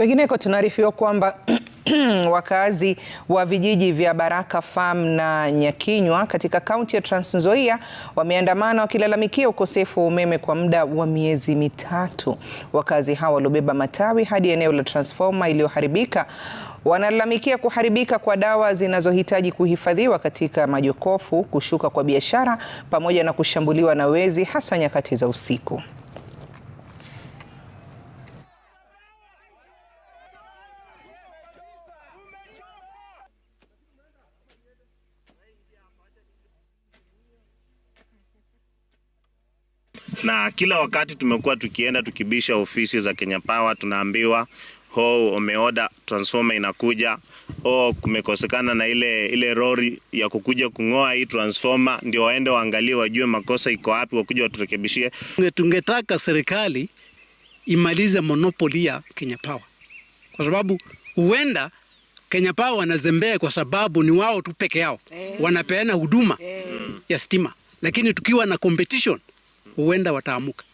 Kwingineko tunaarifiwa kwamba wakazi wa vijiji vya Baraka Farm na Nyakinywa katika kaunti ya Trans Nzoia wameandamana wakilalamikia ukosefu wa umeme kwa muda wa miezi mitatu. Wakazi hao waliobeba matawi hadi eneo la transfoma iliyoharibika wanalalamikia kuharibika kwa dawa zinazohitaji kuhifadhiwa katika majokofu, kushuka kwa biashara pamoja na kushambuliwa na wezi hasa nyakati za usiku. na kila wakati tumekuwa tukienda tukibisha ofisi za Kenya Power, tunaambiwa ho, umeoda transformer inakuja, o, kumekosekana na ile ile rori ya kukuja kung'oa hii transformer, ndio waende waangalie, wajue makosa iko wapi, wakuja waturekebishie. Tungetaka serikali imalize monopoli ya Kenya Power kwa sababu huenda Kenya Power wanazembea kwa sababu ni wao tu peke yao eh. wanapeana huduma eh. ya stima, lakini tukiwa na competition huenda wataamuka.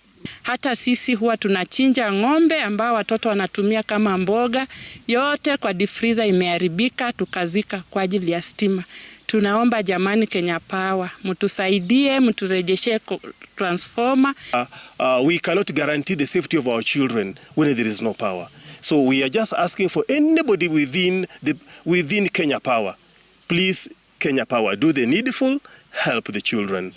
Hata sisi huwa tunachinja ng'ombe ambao watoto wanatumia kama mboga, yote kwa difriza imeharibika, tukazika kwa ajili ya stima. Tunaomba jamani, Kenya Power mtusaidie, mturejeshe transformer. Uh, uh, we cannot guarantee the safety of our children when there is no power. So we are just asking for anybody within the, within Kenya Power. Please, Kenya Power, do the needful, help the children.